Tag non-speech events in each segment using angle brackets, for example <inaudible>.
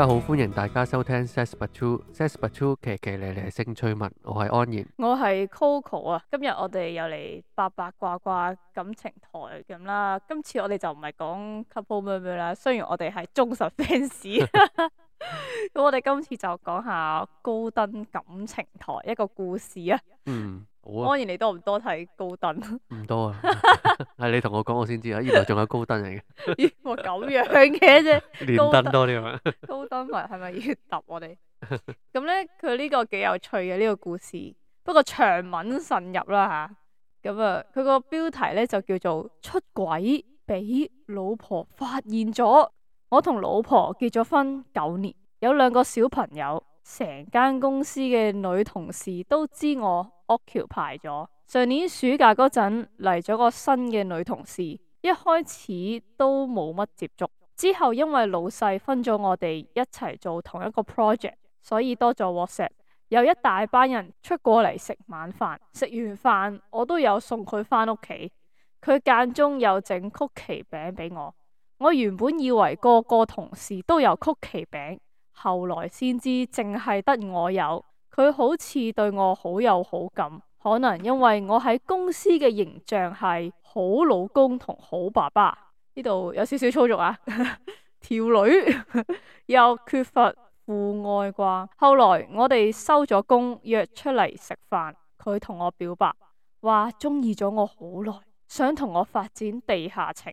.大家好，歡迎大家收聽《Says But Two》，《Says But Two》奇奇咧咧性趣物，我係安然，我係 Coco 啊，今日我哋又嚟八八卦卦感情台咁啦，今次我哋就唔係講 Couple 咩咩啦，雖然我哋係忠實 fans，咁我哋今次就講下高登感情台一個故事啊。好啊，當然，你多唔多睇高登？唔多啊，係。 <laughs> <laughs> 你同我講我先知啊，原來仲有高登嚟嘅。原來，咁樣嘅啫，高登 <laughs> 多啲啊？ <laughs> 高登咪係咪要揼我哋？咁咧， <laughs> 佢呢個幾有趣嘅，呢個故事，不過長文慎入啦吓。咁啊，佢個標題咧就叫做出軌俾老婆發現咗。我同老婆結咗婚九年，有兩個小朋友。成間公司嘅女同事都知我 occupied 咗。上年暑假嗰陣嚟咗個新嘅女同事，一開始都冇乜接觸。之後因為老細分咗我哋一齊做同一個 project，所以多咗 WhatsApp。有一大班人出過嚟食晚飯，食完飯我都有送佢返屋企。佢間中有整曲奇餅俾我。我原本以為個個同事都有曲奇餅。後來先知，淨係得我有佢，好似對我好有好感。可能因為我喺公司嘅形象係好老公同好爸爸，呢度有少少粗俗啊， <laughs> 條女 <laughs> 又缺乏父愛啩？後來我哋收咗工，約出嚟食飯，佢同我表白，話中意咗我好耐，想同我發展地下情，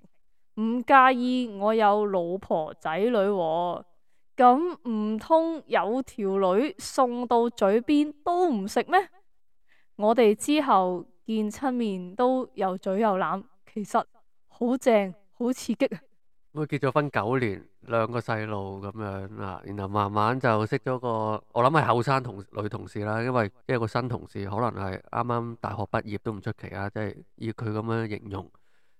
唔介意我有老婆仔女喎。咁唔通有條女送到嘴邊都唔食咩？我哋之後見出面都又嘴又攬，其實好正，好刺激啊！佢結咗婚九年，兩個細路咁樣啊，然後慢慢就識咗個我諗係後生同女同事啦，因為一個新同事可能係啱啱大學畢業都唔出奇啊。即係以佢咁樣形容，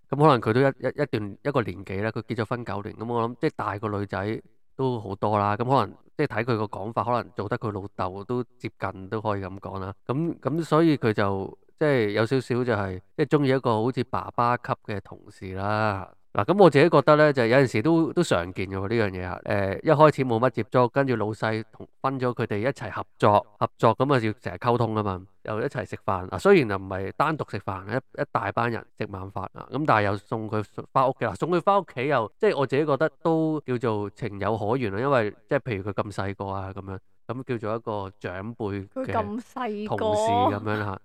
咁可能佢都一一段一個年紀啦。佢結咗婚九年，咁我諗即係大個女仔。都好多啦，咁可能即係睇佢個講法，可能做得佢老豆都接近，都可以咁講啦。咁、嗯、咁、嗯、所以佢就即係有少少就係、是、即係中意一個好似爸爸級嘅同事啦。嗱，咁、啊、我自己覺得咧，就有陣時都都常見嘅喎呢樣嘢啊，誒、呃，一開始冇乜接觸，跟住老細同分咗佢哋一齊合作，合作咁啊、嗯，要成日溝通啊嘛，又一齊食飯。啊，雖然又唔係單獨食飯，一一大班人食晚飯啊，咁但係又送佢送翻屋企啦，送佢翻屋企又即係我自己覺得都叫做情有可原啊。因為即係譬如佢咁細個啊咁樣，咁叫做一個長輩嘅同事咁樣嚇。啊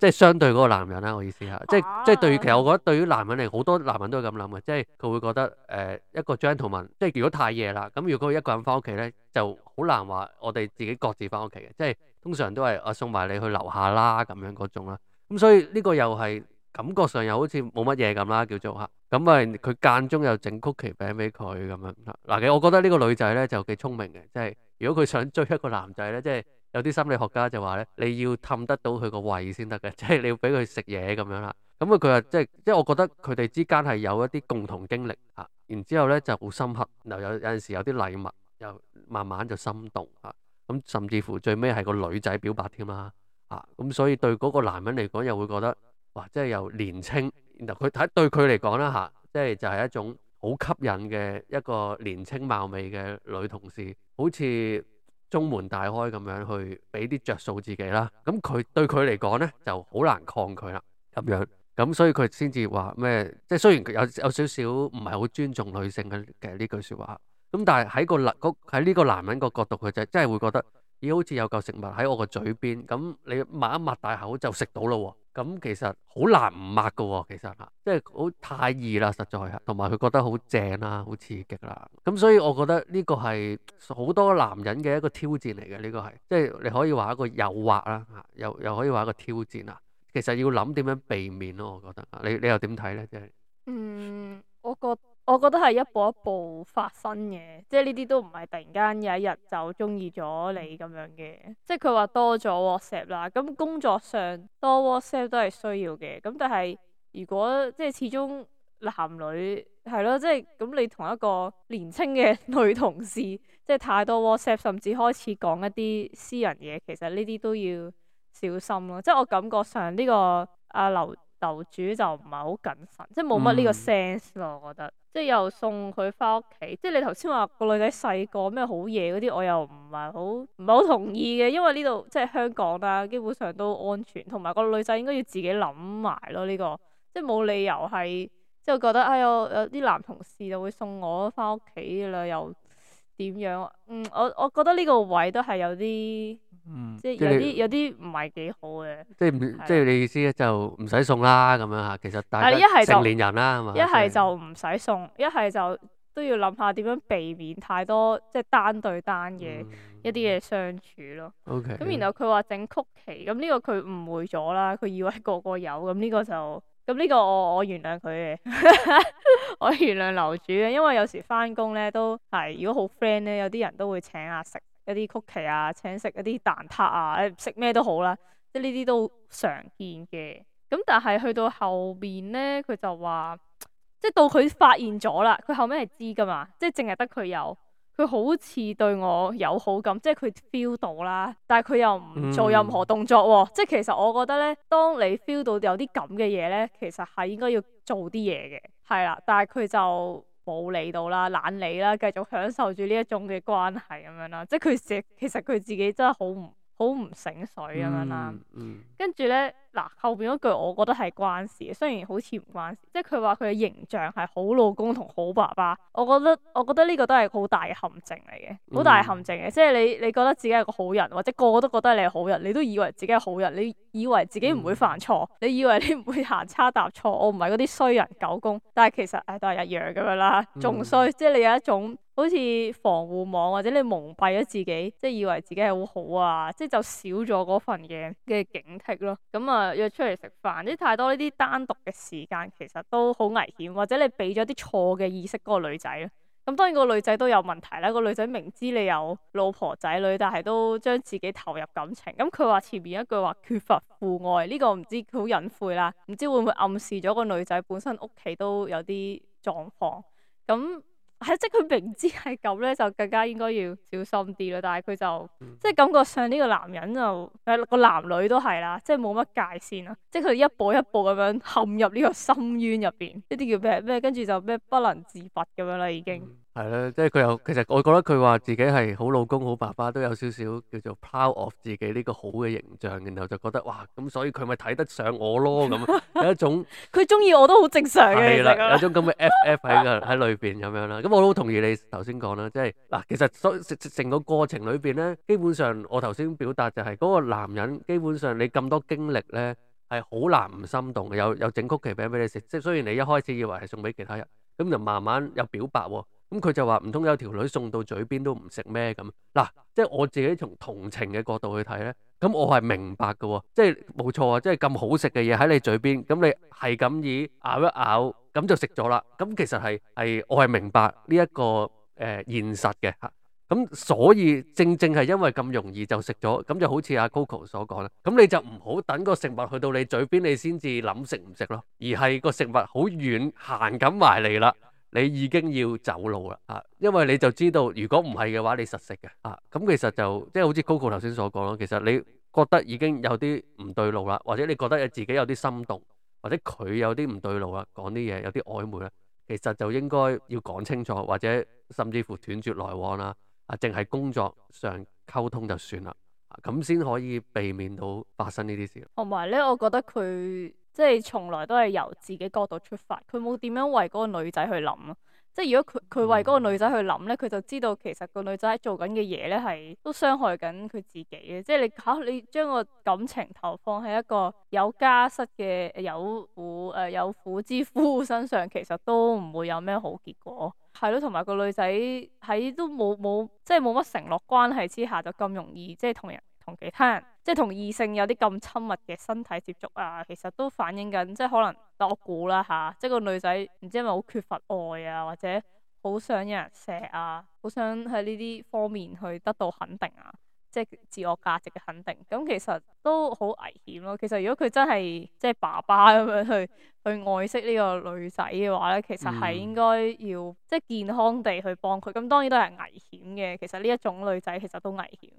即係相對嗰個男人啦，我意思嚇，即係即係對其實我覺得對於男人嚟，好多男人都係咁諗嘅，即係佢會覺得誒、呃、一個 gentleman，即係如果太夜啦，咁如果一個人翻屋企咧，就好難話我哋自己各自翻屋企嘅，即係通常都係我送埋你去樓下啦咁樣嗰種啦。咁所以呢個又係感覺上又好似冇乜嘢咁啦，叫做嚇。咁啊佢間中又整曲奇餅俾佢咁樣。嗱、啊，其實我覺得呢個女仔咧就幾聰明嘅，即係如果佢想追一個男仔咧，即係。有啲心理學家就話咧，你要氹得到佢個胃先得嘅，即係你要俾佢食嘢咁樣啦。咁啊，佢話即係，即係我覺得佢哋之間係有一啲共同經歷啊。然之後咧就好深刻，然後有有陣時有啲禮物，又慢慢就心動啊。咁甚至乎最尾係個女仔表白添啦啊。咁所以對嗰個男人嚟講又會覺得哇，真係又年青。然後佢睇對佢嚟講啦嚇，即係就係一種好吸引嘅一個年輕貌美嘅女同事，好似。中門大開咁樣去俾啲着數自己啦，咁佢對佢嚟講呢，就好難抗拒啦，咁樣，咁所以佢先至話咩？即係雖然佢有有少少唔係好尊重女性嘅嘅呢句説話，咁但係喺個男喺呢個男人個角度，佢就真係會覺得，咦、欸、好似有嚿食物喺我個嘴邊，咁你抹一抹大口就食到咯喎。咁其實好難唔握嘅喎，其實嚇，即係好太易啦，實在係，同埋佢覺得好正啦，好刺激啦。咁所以我覺得呢個係好多男人嘅一個挑戰嚟嘅，呢個係，即係你可以話一個誘惑啦，嚇，又又可以話一個挑戰啦。其實要諗點樣避免咯，我覺得。你你又點睇咧？即係。嗯，我覺我覺得係一步一步發生嘅，即係呢啲都唔係突然間有一日就中意咗你咁樣嘅。即係佢話多咗 WhatsApp 啦，咁工作上多 WhatsApp 都係需要嘅。咁但係如果即係始終男女係咯，即係咁你同一個年輕嘅女同事，即係太多 WhatsApp，甚至開始講一啲私人嘢，其實呢啲都要小心咯。即係我感覺上呢個阿、啊、樓樓主就唔係好謹慎，即係冇乜呢個 sense 咯，我覺得。即係又送佢翻屋企，即係你頭先話個女仔細個咩好嘢嗰啲，我又唔係好唔係好同意嘅，因為呢度即係香港啦，基本上都安全，同埋個女仔應該要自己諗埋咯，呢個即係冇理由係即係覺得哎唷有啲男同事就會送我翻屋企啦，又點樣？嗯，我我覺得呢個位都係有啲。嗯、即係有啲你有啲唔係幾好嘅，即係的即係你意思咧就唔使送啦咁樣吓，其實大家成年人啦係嘛，一係就唔使送，一係就都要諗下點樣避免太多即係單對單嘅一啲嘢相處咯。咁、嗯 okay, 然後佢話整曲奇，咁呢、嗯 okay. 個佢誤會咗啦，佢以為個個有，咁呢個就咁呢個我我原諒佢嘅， <laughs> 我原諒樓主嘅，因為有時翻工咧都係如果好 friend 咧，有啲人都會請阿食。一啲曲奇啊，請食一啲蛋撻啊，食咩都好啦、啊，即係呢啲都常見嘅。咁但係去到後面咧，佢就話，即係到佢發現咗啦，佢後尾係知噶嘛，即係淨係得佢有，佢好似對我有好感，即係佢 feel 到啦。但係佢又唔做任何動作喎、啊。嗯、即係其實我覺得咧，當你 feel 到有啲咁嘅嘢咧，其實係應該要做啲嘢嘅，係啦。但係佢就～冇理到啦，懶理啦，繼續享受住呢一種嘅關係咁樣啦，即係佢成其實佢自己真係好唔好唔醒水咁樣啦，跟住咧。嗯。嗱，後邊嗰句我覺得係關事嘅，雖然好似唔關事，即係佢話佢嘅形象係好老公同好爸爸，我覺得我覺得呢個都係好大嘅陷阱嚟嘅，好大陷阱嘅，嗯、即係你你覺得自己係個好人，或者個個都覺得你係好人，你都以為自己係好人，你以為自己唔會犯錯，嗯、你以為你唔會行差踏錯，我唔係嗰啲衰人狗公，但係其實誒、哎、都係一樣咁樣啦，仲衰，嗯、即係你有一種好似防護網或者你蒙蔽咗自己，即係以為自己係好好啊，即係就少咗嗰份嘅嘅警惕咯，咁、嗯、啊～、嗯嗯約出嚟食飯，呢太多呢啲單獨嘅時間，其實都好危險，或者你俾咗啲錯嘅意識嗰個女仔啦。咁當然個女仔都有問題啦，個女仔明知你有老婆仔女，但係都將自己投入感情。咁佢話前面一句話缺乏父愛，呢個唔知好隱晦啦，唔知會唔會暗示咗個女仔本身屋企都有啲狀況。咁係，即係佢明知係咁咧，就更加應該要小心啲咯。但係佢就、嗯、即係感覺上呢個男人就誒個男女都係啦，即係冇乜界線啦。即係佢一步一步咁樣陷入呢個深淵入邊，呢啲叫咩咩？跟住就咩不能自拔咁樣啦，已經。嗯係咯，即係佢又，其實我覺得佢話自己係好老公好爸爸，都有少少叫做 proud of 自己呢個好嘅形象，然後就覺得哇，咁所以佢咪睇得上我咯咁，有一種佢中意我都好正常嘅，係啦的， <laughs> 有一種咁嘅 F F 喺裏邊咁樣啦。咁我都好同意你頭先講啦，即係嗱，其實所成個過程裏邊呢，基本上我頭先表達就係、是、嗰、那個男人，基本上你咁多經歷呢，係好難唔心動嘅。有有整曲奇餅俾你食，即係雖然你一開始以為係送俾其他人，咁就慢慢有表白喎。咁佢就話唔通有條女送到嘴邊都唔食咩？咁嗱，即係我自己從同情嘅角度去睇呢，咁我係明白嘅，即係冇錯啊，即係咁好食嘅嘢喺你嘴邊，咁你係咁以咬一咬咁就食咗啦，咁其實係係我係明白呢一個誒現實嘅吓，咁所以正正係因為咁容易就食咗，咁就好似阿 Coco 所講啦，咁你就唔好等個食物去到你嘴邊你先至諗食唔食咯，而係個食物好遠行緊埋嚟啦。你已經要走路啦，啊，因為你就知道，如果唔係嘅話，你實食嘅，啊，咁其實就即係好似 Coco 頭先所講咯，其實你覺得已經有啲唔對路啦，或者你覺得你自己有啲心動，或者佢有啲唔對路啦，講啲嘢有啲曖昧啦，其實就應該要講清楚，或者甚至乎斷絕來往啦，啊，淨係工作上溝通就算啦，啊，咁先可以避免到發生呢啲事。同埋呢，我覺得佢。即係從來都係由自己角度出發，佢冇點樣為嗰個女仔去諗咯。即係如果佢佢為嗰個女仔去諗咧，佢就知道其實個女仔做緊嘅嘢咧係都傷害緊佢自己嘅。即係你嚇、啊、你將個感情投放喺一個有家室嘅有婦誒、呃、有婦之夫身上，其實都唔會有咩好結果。係咯，同埋個女仔喺都冇冇即係冇乜承諾關係之下就咁容易即係同人同其他人。即係同異性有啲咁親密嘅身體接觸啊，其實都反映緊，即係可能，但我估啦下，即係個女仔唔知係咪好缺乏愛啊，或者好想有人錫啊，好想喺呢啲方面去得到肯定啊，即係自我價值嘅肯定。咁其實都好危險咯，啊。其實如果佢真係即係爸爸咁樣去去愛惜呢個女仔嘅話咧，其實係應該要、嗯、即係健康地去幫佢。咁當然都係危險嘅。其實呢一種女仔其實都危險。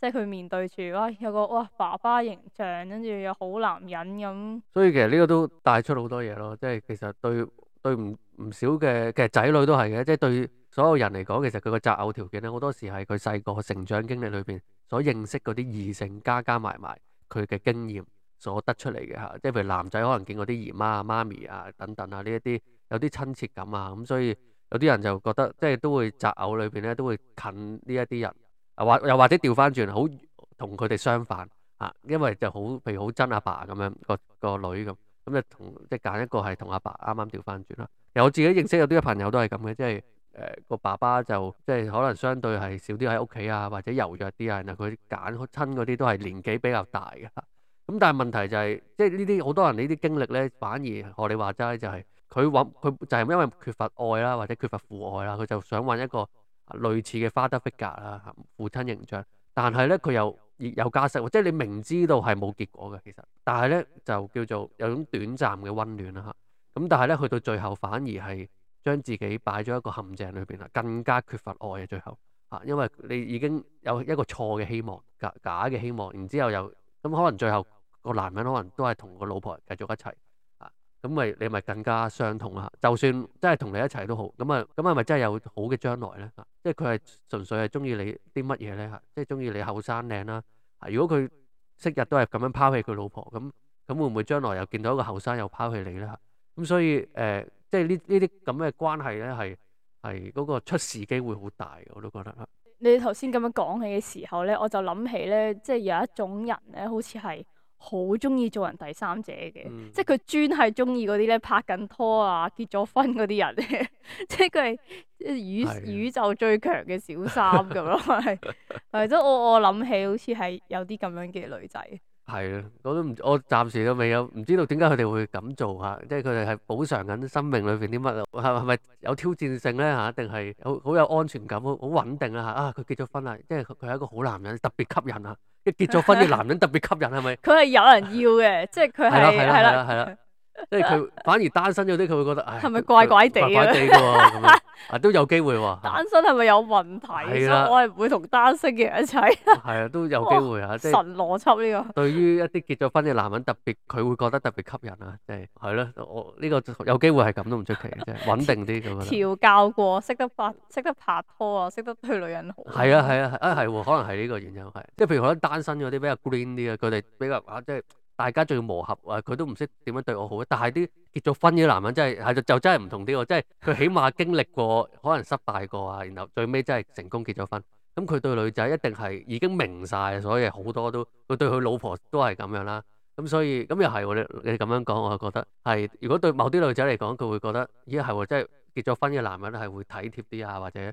即係佢面對住哇，有個哇爸爸形象，跟住又好男人咁。所以其實呢個都帶出好多嘢咯，即係其實對對唔唔少嘅其實仔女都係嘅，即係對所有人嚟講，其實佢個擇偶條件咧，好多時係佢細個成長經歷裏邊所認識嗰啲異性加加埋埋佢嘅經驗所得出嚟嘅嚇。即係譬如男仔可能見過啲姨媽啊、媽咪啊等等啊，呢一啲有啲親切感啊，咁、嗯、所以有啲人就覺得即係都會擇偶裏邊咧都會近呢一啲人。又或又或者調翻轉，好同佢哋相反嚇，因為就好譬如好憎阿爸咁樣、個個女咁，咁就同即係揀一個係同阿爸啱啱調翻轉啦。其實我自己認識有啲嘅朋友都係咁嘅，即係誒個爸爸就即係、就係、可能相對係少啲喺屋企啊，或者柔弱啲啊，然後佢揀親嗰啲都係年紀比較大嘅。咁但係問題就係即係呢啲好多人呢啲經歷咧，反而學你話齋就係佢揾佢就係因為缺乏愛啦，或者缺乏父愛啦，佢就想揾一個。類似嘅 father figure 啦，父親形象，但係咧佢又有家室，即係你明知道係冇結果嘅其實，但係咧就叫做有種短暫嘅温暖啦嚇。咁但係咧去到最後反而係將自己擺咗一個陷阱裏邊啦，更加缺乏愛啊。最後嚇，因為你已經有一個錯嘅希望，假假嘅希望，然之後又咁可能最後個男人可能都係同個老婆繼續一齊。咁咪你咪更加相同啦，就算真係同你一齊都好，咁啊咁係咪真係有好嘅將來咧？嚇，即係佢係純粹係中意你啲乜嘢咧？嚇，即係中意你後生靚啦。嚇，如果佢昔日都係咁樣拋棄佢老婆，咁咁會唔會將來又見到一個後生又拋棄你咧？嚇，咁所以誒、呃，即係呢呢啲咁嘅關係咧，係係嗰個出事機會好大，我都覺得。你頭先咁樣講起嘅時候咧，我就諗起咧，即係有一種人咧，好似係。好中意做人第三者嘅，嗯、即係佢專係中意嗰啲咧拍緊拖啊、結咗婚嗰啲人， <laughs> 即係佢係宇宇宙最強嘅小三咁咯，係是的，係 <laughs> 都我我諗起好似係有啲咁樣嘅女仔。係啊，我都唔，我暫時都未有，唔知道點解佢哋會咁做吓，即係佢哋係補償緊生命裏邊啲乜啊？係咪有挑戰性咧吓？定係好好有安全感、好穩定啊吓？啊，佢結咗婚啦，即係佢係一個好男人，特別吸引啊！一結咗婚嘅男人特別吸引，係咪？佢係 <laughs> 有人要嘅， <laughs> 即係佢係。 <laughs> 即係佢反而單身嗰啲，佢會覺得，係咪怪怪地啊？怪怪地嘅喎，啊都有機會喎。單身係咪有問題？所以我係唔會同單身嘅人一齊。係啊，都有機會啊。即係神邏輯呢個。對於一啲結咗婚嘅男人，特別佢會覺得特別吸引，即係、啊！即係係咯，我、呢、呢個有機會係咁都唔出奇。 <laughs> 即穩定啲咁樣。調教過，識得拍識得拍拖啊，識得對女人好。係啊係啊啊，啊可能係呢個原因係。即係譬如可能得單身嗰啲比，比較 green 啲啊，佢哋比較啊即係。啊啊啊啊啊啊大家仲要磨合，誒佢都唔識點樣對我好。但係啲結咗婚嘅男人真係係就真係唔同啲喎，即係佢起碼經歷過，可能失敗過啊，然後最尾真係成功結咗婚。咁佢對女仔一定係已經明晒，所以好多都佢對佢老婆都係咁樣啦。咁所以咁又係喎，你你咁樣講，我覺得係。如果對某啲女仔嚟講，佢會覺得咦係喎，即係結咗婚嘅男人係會體貼啲啊，或者。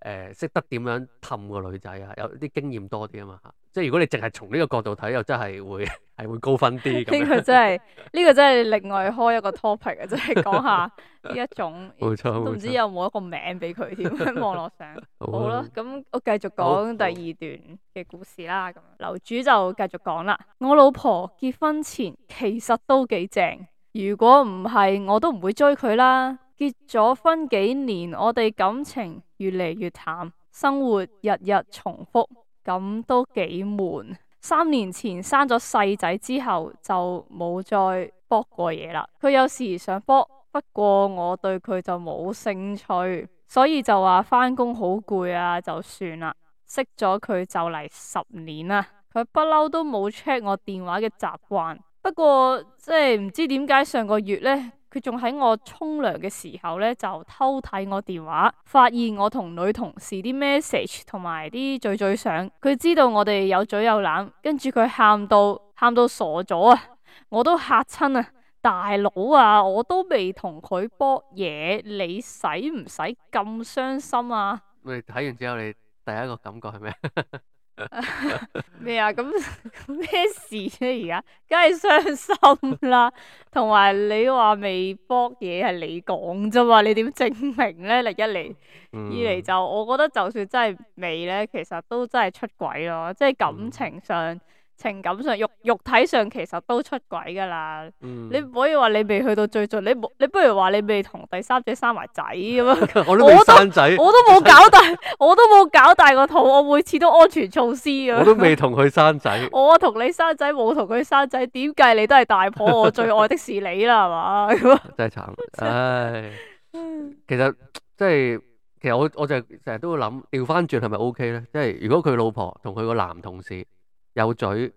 誒，識得點樣氹個女仔啊？有啲經驗多啲啊嘛，即係如果你淨係從呢個角度睇，又真係會係會高分啲。咁佢真係，呢個真係 <laughs> 另外開一個 topic 啊，即係講下呢一種，錯都唔知有冇一個名俾佢添喺網絡上。好啦，咁好我繼續講第二段嘅故事啦。咁樓主就繼續講啦。我老婆結婚前其實都幾正，如果唔係，我都唔會追佢啦。結咗婚幾年，我哋感情越嚟越淡，生活日日重複，咁都幾悶。三年前生咗細仔之後，就冇再搏過嘢啦。佢有時想搏，不過我對佢就冇興趣，所以就話返工好攰啊，就算啦。識咗佢就嚟十年啦，佢不嬲都冇 check 我電話嘅習慣。不過即係唔知點解上個月呢。佢仲喺我沖涼嘅時候咧，就偷睇我電話，發現我同女同事啲 message 同埋啲嘴嘴相，佢知道我哋有嘴有攬，跟住佢喊到喊到傻咗啊！我都吓親啊！大佬啊！我都未同佢搏嘢，你使唔使咁傷心啊？你睇完之後，你第一個感覺係咩 <laughs> 咩 <laughs> 啊？咁咩事啫，啊？傷而家梗係傷心啦。同埋你話未博嘢係你講啫嘛？你點證明咧？嚟一嚟，二嚟就我覺得就算真係未咧，其實都真係出軌咯。即係感情上。嗯情感上，肉肉體上其實都出軌㗎喇，你唔可以話你未去到最盡，你冇，你不如話你未同第三者生埋仔咁啊！我都未生仔，我都冇搞大，我都冇搞大個肚，我每次都安全措施呀。我都未同佢生仔，我同你生仔冇同佢生仔，點計你都係大婆，我最愛的是你啦，係嘛？真係慘，唉！其實即係其實我我就成日都會諗調返轉係咪 OK 咧？即係如果佢老婆同佢個男同事。有嘴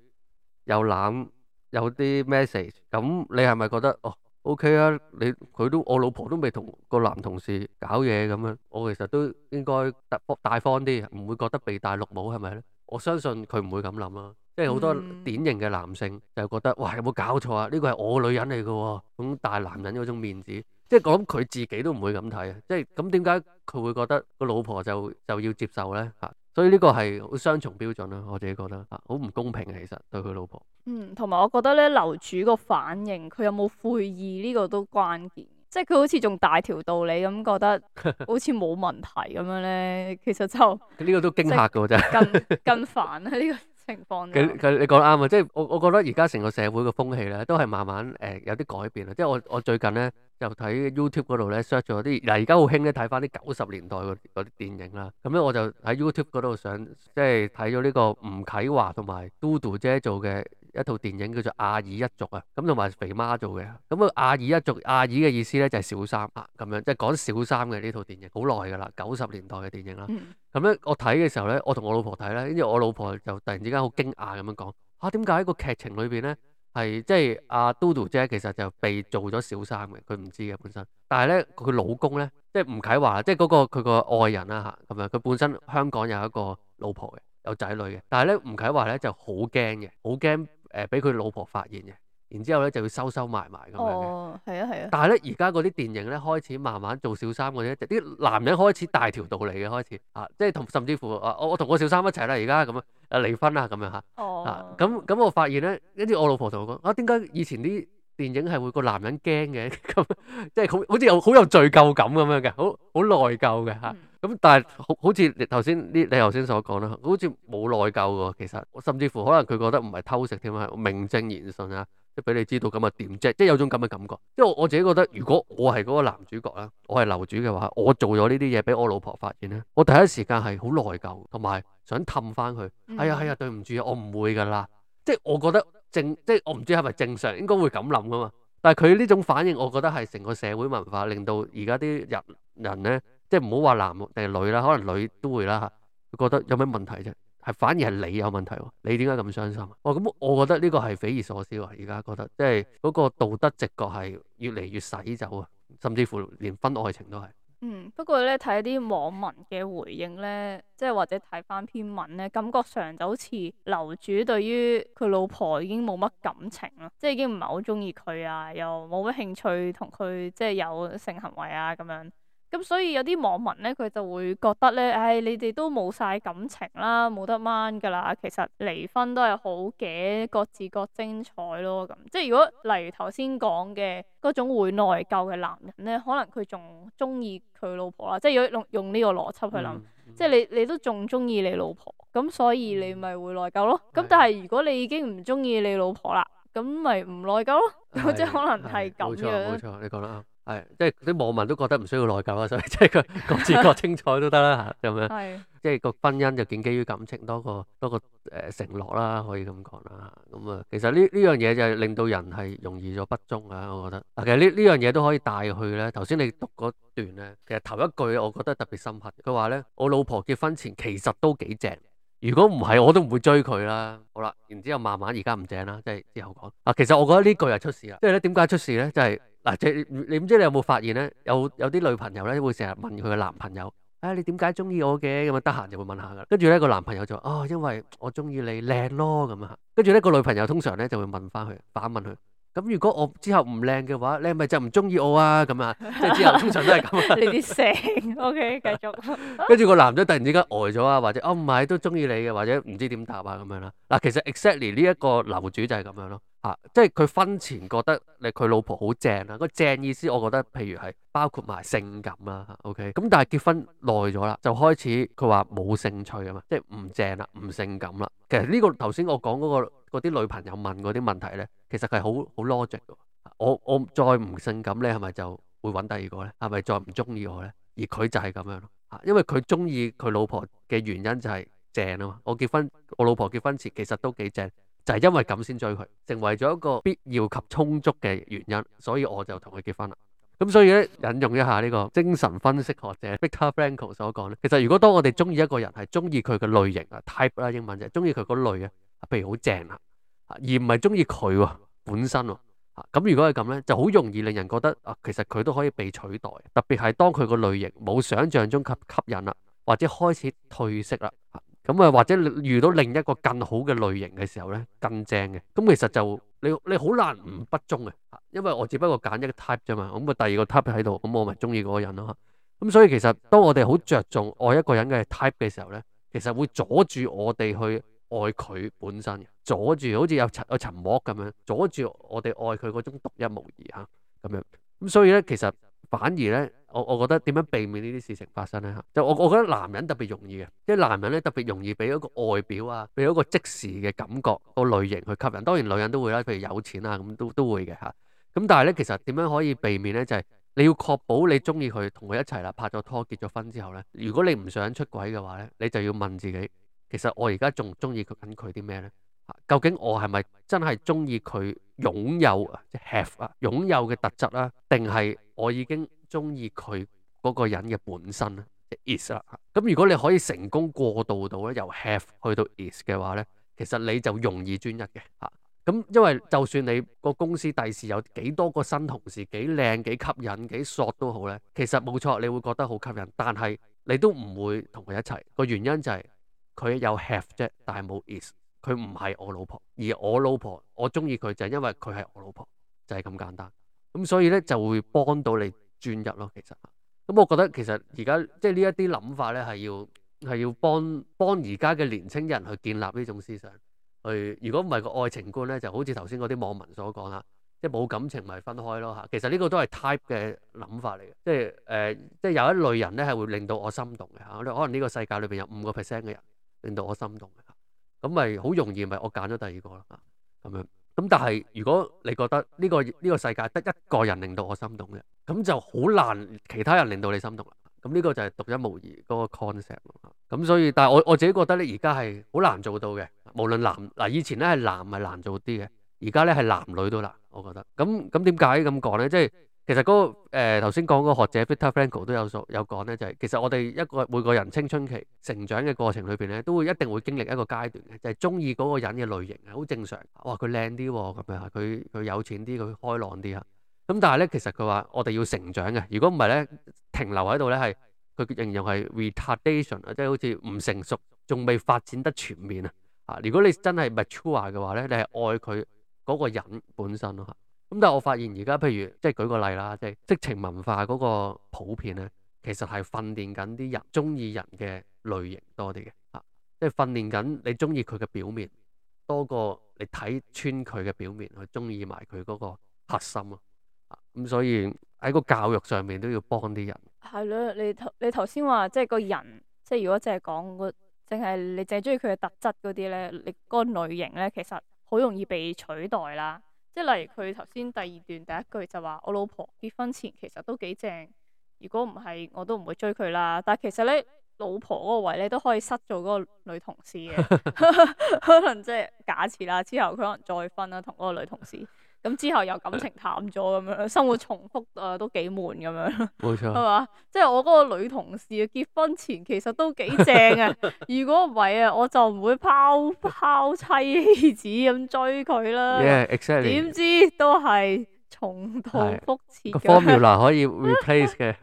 有攬有啲 message，咁你係咪覺得哦 OK 啊？你佢都我老婆都未同個男同事搞嘢咁樣，我其實都應該大方啲，唔會覺得被戴綠帽係咪咧？我相信佢唔會咁諗啊。即係好多典型嘅男性就覺得、嗯、哇有冇搞錯啊？呢、這個係我女人嚟噶、啊，咁大男人嗰種面子，即係我諗佢自己都唔會咁睇啊，即係咁點解佢會覺得個老婆就就要接受呢？吓？所以呢個係雙重標準啦、啊，我自己覺得啊，好唔公平，其實對佢老婆。嗯，同埋我覺得咧，樓主個反應，佢有冇悔意呢，這個都關鍵，即係佢好似仲大條道理咁，覺得好似冇問題咁樣咧，其實就呢 <laughs> 個都驚吓噶真係，咁更煩 <laughs> 啊呢，這個。佢佢你講得啱啊！即係我我覺得而家成個社會嘅風氣咧，都係慢慢誒、呃、有啲改變啊！即係我我最近咧就睇 YouTube 嗰度咧 search 咗啲嗱，而家好興咧睇翻啲九十年代嗰啲電影啦。咁咧我就喺 YouTube 嗰度想即係睇咗呢個吳啟華同埋嘟嘟姐做嘅一套電影叫做《阿爾一族》啊，咁同埋肥媽做嘅，咁啊《亞爾一族》阿爾嘅意思咧就係小三啊，咁樣即係、就是、講小三嘅呢套電影，好耐噶啦，九十年代嘅電影啦。咁咧、嗯、我睇嘅時候咧，我同我老婆睇啦，跟住我老婆就突然之間好驚訝咁樣講：嚇點解喺個劇情裏邊咧係即係阿 d o 姐其實就被做咗小三嘅？佢唔知嘅本身，但係咧佢老公咧即係吳啟華，即係嗰、那個佢個愛人啦嚇，咁樣佢本身香港有一個老婆嘅，有仔女嘅，但係咧吳啟華咧就好驚嘅，好驚。誒，俾佢、呃、老婆發現嘅，然之後咧就要收收埋埋咁樣嘅。係啊係啊。啊但係咧，而家嗰啲電影咧開始慢慢做小三嗰啲，啲男人開始大條道理嘅，開始啊，即係同甚至乎啊，我我同我小三一齊啦，而家咁啊離婚啦咁樣吓。啊，咁咁、啊哦啊、我發現咧，跟住我老婆同我講啊，點解以前啲電影係會個男人驚嘅？咁即係好好似有好有罪疚感咁樣嘅，好好內疚嘅吓。啊嗯咁但係好好似你頭先呢，你頭先所講啦，好似冇內疚嘅，其實我甚至乎可能佢覺得唔係偷食添啊，係我名正言順啊，即係俾你知道咁啊點啫？即係有種咁嘅感覺。即係我，我自己覺得，如果我係嗰個男主角啦，我係樓主嘅話，我做咗呢啲嘢俾我老婆發現咧，我第一時間係好內疚，同埋想氹翻佢。哎呀，哎呀，對唔住啊，我唔會噶啦。即係我覺得正，即係我唔知係咪正常，應該會咁諗噶嘛。但係佢呢種反應，我覺得係成個社會文化令到而家啲人人咧。即係唔好話男定係女啦，可能女都會啦佢覺得有咩問題啫？係反而係你有問題，你點解咁傷心啊？哦，咁我覺得呢個係匪夷所思啊！而家覺得即係嗰個道德直覺係越嚟越洗走啊，甚至乎連婚外情都係。嗯，不過咧睇啲網民嘅回應咧，即係或者睇翻篇文咧，感覺上就好似樓主對於佢老婆已經冇乜感情啦，即係已經唔係好中意佢啊，又冇乜興趣同佢即係有性行為啊咁樣。咁所以有啲網民咧，佢就會覺得咧，唉、哎，你哋都冇晒感情啦，冇得掹噶啦。其實離婚都係好嘅，各自各精彩咯。咁即係如果例如頭先講嘅嗰種會內疚嘅男人咧，可能佢仲中意佢老婆啦。即係用用呢個邏輯去諗，嗯嗯、即係你你都仲中意你老婆，咁所以你咪會內疚咯。咁、嗯、但係如果你已經唔中意你老婆啦，咁咪唔內疚咯。是即係可能係咁樣。冇錯，冇錯，你講得啱。係，即係啲網民都覺得唔需要內疚啦，所以即係佢各自各精彩都得啦吓，咁樣。係，即係個婚姻就建基於感情多過多過誒、呃、承諾啦，可以咁講啦。咁啊，其實呢呢樣嘢就係令到人係容易咗不忠啊，我覺得。嗱，其實呢呢樣嘢都可以帶去咧。頭先你讀嗰段咧，其實頭一句我覺得特別深刻。佢話咧，我老婆結婚前其實都幾正，如果唔係我都唔會追佢啦。好啦，然之後慢慢而家唔正啦，即係之後講。嗱，其實我覺得呢句又出事啦。因為咧，點解出事咧？即係。即係你唔知你有冇發現咧，有有啲女朋友咧會成日問佢嘅男朋友：，啊，你點解中意我嘅？咁啊，得閒就會問下噶。跟住咧個男朋友就：，哦，因為我中意你靚咯，咁啊。跟住咧個女朋友通常咧就會問翻佢，反問佢：，咁如果我之後唔靚嘅話，你係咪就唔中意我啊？咁啊，即係之後通常都係咁。你啲性，OK，繼續。跟住個男仔突然之間呆咗啊，或者哦唔係都中意你嘅，或者唔知點答啊咁樣啦。嗱，其實 Exactly 呢一個樓主就係咁樣咯。啊，即係佢婚前覺得你佢老婆好正啦、啊，個正意思我覺得譬如係包括埋性感啦、啊、，OK，咁但係結婚耐咗啦，就開始佢話冇興趣啊嘛，即係唔正啦、啊，唔性感啦、啊。其實呢個頭先我講嗰、那個嗰啲女朋友問嗰啲問題咧，其實係好好 logic、啊。我我再唔性感咧，係咪就會揾第二個咧？係咪再唔中意我咧？而佢就係咁樣咯，吓、啊，因為佢中意佢老婆嘅原因就係正啊嘛。我結婚，我老婆結婚前其實都幾正。就係因為咁先追佢，成為咗一個必要及充足嘅原因，所以我就同佢結婚啦。咁所以咧，引用一下呢個精神分析學者 Viktor Frankl 所講咧，其實如果當我哋中意一個人係中意佢嘅類型啊 type 啦，英文就係中意佢嗰類啊，譬如好正啊，而唔係中意佢本身喎。咁如果係咁咧，就好容易令人覺得啊，其實佢都可以被取代，特別係當佢個類型冇想象中及吸引啦，或者開始褪色啦。咁啊，或者遇到另一個更好嘅類型嘅時候咧，更正嘅，咁其實就你你好難唔不忠嘅，因為我只不過揀一個 type 啫嘛，咁啊第二個 type 喺度，咁我咪中意嗰個人咯。咁所以其實當我哋好着重愛一個人嘅 type 嘅時候咧，其實會阻住我哋去愛佢本身嘅，阻住好似有沉有沉默咁樣，阻住我哋愛佢嗰種獨一無二吓咁樣。咁所以咧，其實。反而咧，我我覺得點樣避免呢啲事情發生呢？嚇，就我我覺得男人特別容易嘅，即係男人咧特別容易俾一個外表啊，俾一個即時嘅感覺個類型去吸引。當然女人都會啦，譬如有錢啊，咁都都會嘅嚇。咁但係咧，其實點樣可以避免呢？就係你要確保你中意佢，同佢一齊啦，拍咗拖結咗婚之後呢，如果你唔想出軌嘅話呢，你就要問自己，其實我而家仲中意佢緊佢啲咩呢？究竟我係咪真係中意佢擁有即 have 啊，擁有嘅特質啦，定係我已經中意佢嗰個人嘅本身啦 <noise> ？Is 啦。咁如果你可以成功過渡到咧由 have 去到 is 嘅話咧，其實你就容易專一嘅吓。咁因為就算你個公司第時有幾多個新同事，幾靚、幾吸引、幾索都好咧，其實冇錯你會覺得好吸引，但係你都唔會同佢一齊，個原因就係佢有 have 啫，但係冇 is。佢唔係我老婆，而我老婆我中意佢就係因為佢係我老婆，就係、是、咁簡單。咁、嗯、所以咧就會幫到你專一咯。其實咁、嗯，我覺得其實而家即係呢一啲諗法咧係要係要幫幫而家嘅年青人，去建立呢種思想。去如果唔係個愛情觀咧，就好似頭先嗰啲網民所講啦，即係冇感情咪分開咯吓。其實呢個都係 type 嘅諗法嚟嘅，即係誒、呃，即係有一類人咧係會令到我心動嘅吓。可能呢個世界裏邊有五個 percent 嘅人令到我心動嘅。咁咪好容易咪我揀咗第二個咯吓，咁但係如果你覺得呢個呢個世界得一個人令到我心動嘅，咁就好難其他人令到你心動啦。咁呢個就係獨一無二嗰個 concept。咁所以，但係我我自己覺得咧，而家係好難做到嘅。無論男嗱，以前咧係男係難做啲嘅，而家呢係男女都難。我覺得。咁咁點解咁講呢？即係。其實嗰、那個誒頭先講嗰個學者 Victor Franco 都有有講咧，就係、是、其實我哋一個每個人青春期成長嘅過程裏邊咧，都會一定會經歷一個階段嘅，就係鍾意嗰個人嘅類型係好正常。哇，佢靚啲喎，咁樣，佢佢有錢啲，佢開朗啲啊。咁但係咧，其實佢話我哋要成長嘅，如果唔係咧停留喺度咧係佢形容係 retardation 啊，即係好似唔成熟，仲未發展得全面啊。啊，如果你真係 mature 嘅話咧，你係愛佢嗰個人本身咯。啊。咁但係我發現而家譬如即係舉個例啦，即係色情文化嗰個普遍咧，其實係訓練緊啲人中意人嘅類型多啲嘅。啊，即係訓練緊你中意佢嘅表面多過你睇穿佢嘅表面去中意埋佢嗰個核心啊，咁所以喺個教育上面都要幫啲人。係咯，你頭你頭先話即係個人，即係如果淨係講個淨係你淨係中意佢嘅特質嗰啲咧，你嗰個類型咧，其實好容易被取代啦。即係例如佢頭先第二段第一句就話 <laughs> 我老婆結婚前其實都幾正，如果唔係我都唔會追佢啦。但係其實咧，老婆嗰個位咧都可以塞做嗰個女同事嘅，可能即係假設啦。之後佢可能再婚啦，同嗰個女同事。咁之後又感情淡咗咁樣，生活重複啊，都幾悶咁樣。冇錯，係嘛？即係我嗰個女同事啊，結婚前其實都幾正啊。 <laughs> 如果唔係啊，我就唔會拋拋妻棄子咁追佢啦。點、 <laughs> yeah, exactly 知都係重蹈覆轍。formula 可以 replace 嘅。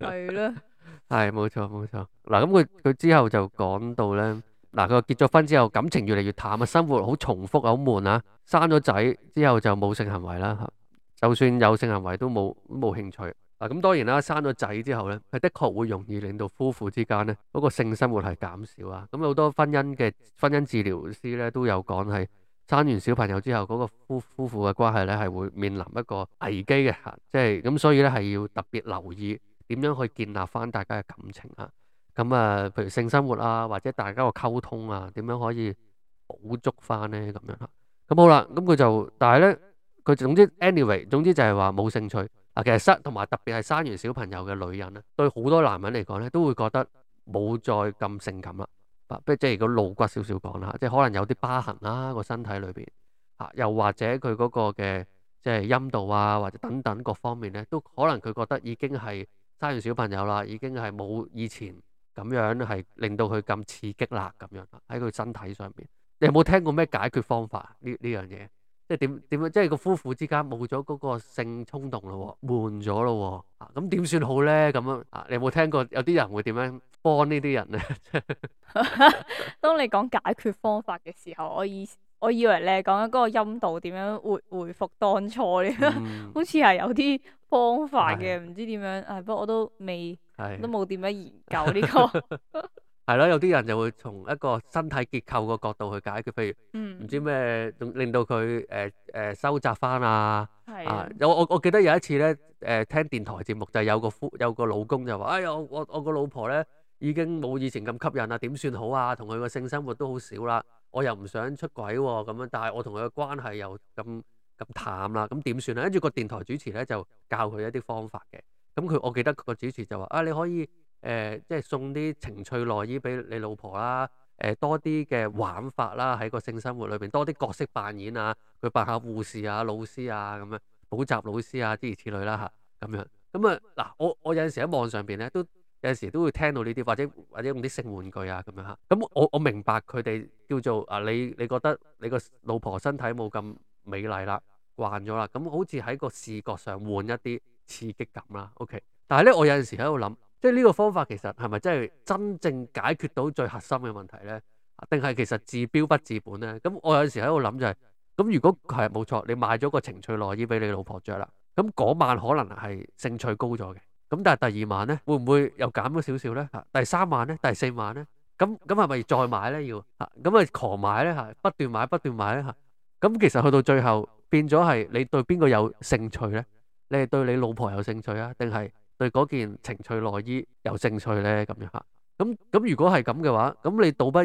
係咯 <laughs> <laughs> <laughs> 是的。係 <laughs> 冇 <laughs> 錯冇錯嗱，咁佢佢之後就講到咧。嗱，佢結咗婚之後，感情越嚟越淡啊，生活好重複好悶啊。生咗仔之後就冇性行為啦，就算有性行為都冇冇興趣。嗱，咁當然啦，生咗仔之後咧，係的確會容易令到夫婦之間咧嗰個性生活係減少啊。咁好多婚姻嘅婚姻治療師咧都有講係生完小朋友之後嗰個夫夫婦嘅關係咧係會面臨一個危機嘅嚇，即係咁，所以咧係要特別留意點樣去建立翻大家嘅感情啊。咁啊、嗯，譬如性生活啊，或者大家個溝通啊，點樣可以補足翻呢？咁樣吓，咁、嗯、好啦，咁、嗯、佢就，但係呢，佢總之，anyway，總之就係話冇興趣啊。其實生同埋特別係生完小朋友嘅女人呢，對好多男人嚟講呢，都會覺得冇再咁性感啦。不、啊，即係如果露骨少少講啦，即係可能有啲疤痕啦，啊，個身體裏邊、啊、又或者佢嗰個嘅即係陰道啊，或者等等各方面呢，都可能佢覺得已經係生完小朋友啦，已經係冇以前。咁樣係令到佢咁刺激啦，咁樣喺佢身體上邊，你有冇聽過咩解決方法？呢呢樣嘢，即係點點樣？即係個夫婦之間冇咗嗰個性衝動咯，悶咗咯，咁點算好咧？咁樣，你有冇聽過有啲人會點樣幫呢啲人咧？ <laughs> <laughs> 當你講解決方法嘅時候，我以我以為你係講緊嗰個陰道點樣回回復當初咧，嗯、 <laughs> 好似係有啲方法嘅，唔的知點樣。唉，不過我都未。都冇點樣研究呢個，係咯， <laughs> <laughs> 有啲人就會從一個身體結構個角度去解決，譬如唔知咩令到佢誒誒收集翻啊，的啊，有我我記得有一次咧，誒、呃、聽電台節目就是、有個夫有個老公就話，哎呀我我個老婆咧已經冇以前咁吸引啦，點算好啊？同佢個性生活都好少啦，我又唔想出軌喎，咁樣，但係我同佢嘅關係又咁咁淡啦，啊，咁點算啊？跟住個電台主持咧就教佢一啲方法嘅。咁佢、嗯，我記得佢個主持就話：啊，你可以誒、呃，即係送啲情趣內衣俾你老婆啦，誒、呃，多啲嘅玩法啦，喺個性生活裏邊多啲角色扮演啊，去扮下護士啊、老師啊咁樣，補習老師啊之如此類啦嚇，咁樣。咁啊，嗱，我我有陣時喺網上邊咧，都有陣時都會聽到呢啲，或者或者用啲性玩具啊咁樣嚇。咁、啊、我我明白佢哋叫做啊，你你覺得你個老婆身體冇咁美麗啦，慣咗啦，咁、啊嗯、好似喺個視覺上換一啲。刺激感啦，OK，但係咧，我有陣時喺度諗，即係呢個方法其實係咪真係真正解決到最核心嘅問題咧？定係其實治標不治本咧？咁我有陣時喺度諗就係，咁如果係冇錯，你買咗個情趣內衣俾你老婆着啦，咁嗰晚可能係興趣高咗嘅，咁但係第二晚咧，會唔會又減咗少少咧？第三晚咧，第四晚咧，咁咁係咪再買咧要吓？咁啊狂買咧吓，不斷買不斷買咧吓，咁其實去到最後變咗係你對邊個有興趣咧？你係對你老婆有興趣啊，定係對嗰件情趣內衣有興趣呢？咁樣嚇，咁咁如果係咁嘅話，咁你倒不如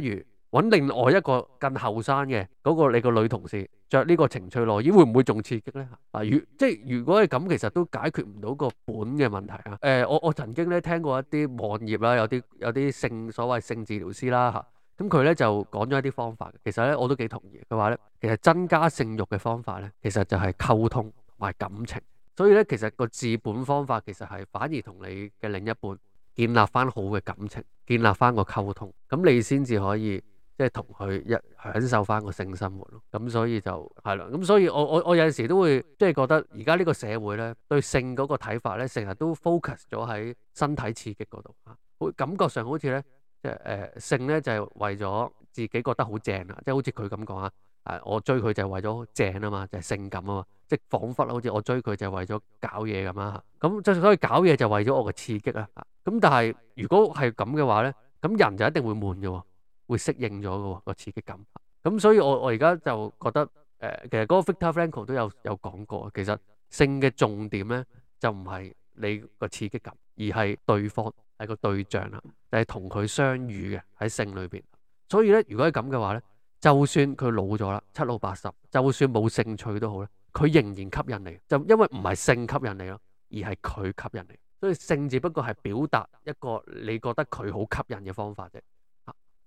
揾另外一個更後生嘅嗰個你個女同事着呢個情趣內衣，會唔會仲刺激呢？啊，如即係如果係咁，其實都解決唔到個本嘅問題啊。誒、呃，我我曾經咧聽過一啲網頁啦，有啲有啲性所謂性治療師啦嚇，咁佢咧就講咗一啲方法。其實咧我都幾同意佢話咧，其實增加性欲嘅方法咧，其實就係溝通同埋感情。所以咧，其實個治本方法其實係反而同你嘅另一半建立翻好嘅感情，建立翻個溝通，咁你先至可以即係同佢一享受翻個性生活咯。咁所以就係啦。咁所以我我我有陣時都會即係覺得而家呢個社會咧對性嗰個睇法咧成日都 focus 咗喺身體刺激嗰度啊，會感覺上好似咧即係誒性咧就係為咗自己覺得正、就係、好正啦，即係好似佢咁講啊。誒，我追佢就係為咗正啊嘛，就係、是、性感啊嘛，即係仿佛好似我追佢就係為咗搞嘢咁啦吓，咁即係所以搞嘢就為咗我嘅刺激啦、啊，咁、嗯、但係如果係咁嘅話咧，咁人就一定會悶嘅、啊，會適應咗嘅、啊那個刺激感，咁、嗯、所以我我而家就覺得誒、呃，其實嗰個 Victor Franco 都有有講過，其實性嘅重點咧就唔係你個刺激感，而係對方係個對象啦，係同佢相遇嘅喺性裏邊，所以咧如果係咁嘅話咧，就算佢老咗啦，七老八十，就算冇興趣都好咧，佢仍然吸引你，就因為唔係性吸引你咯，而係佢吸引你，所以性只不過係表達一個你覺得佢好吸引嘅方法啫。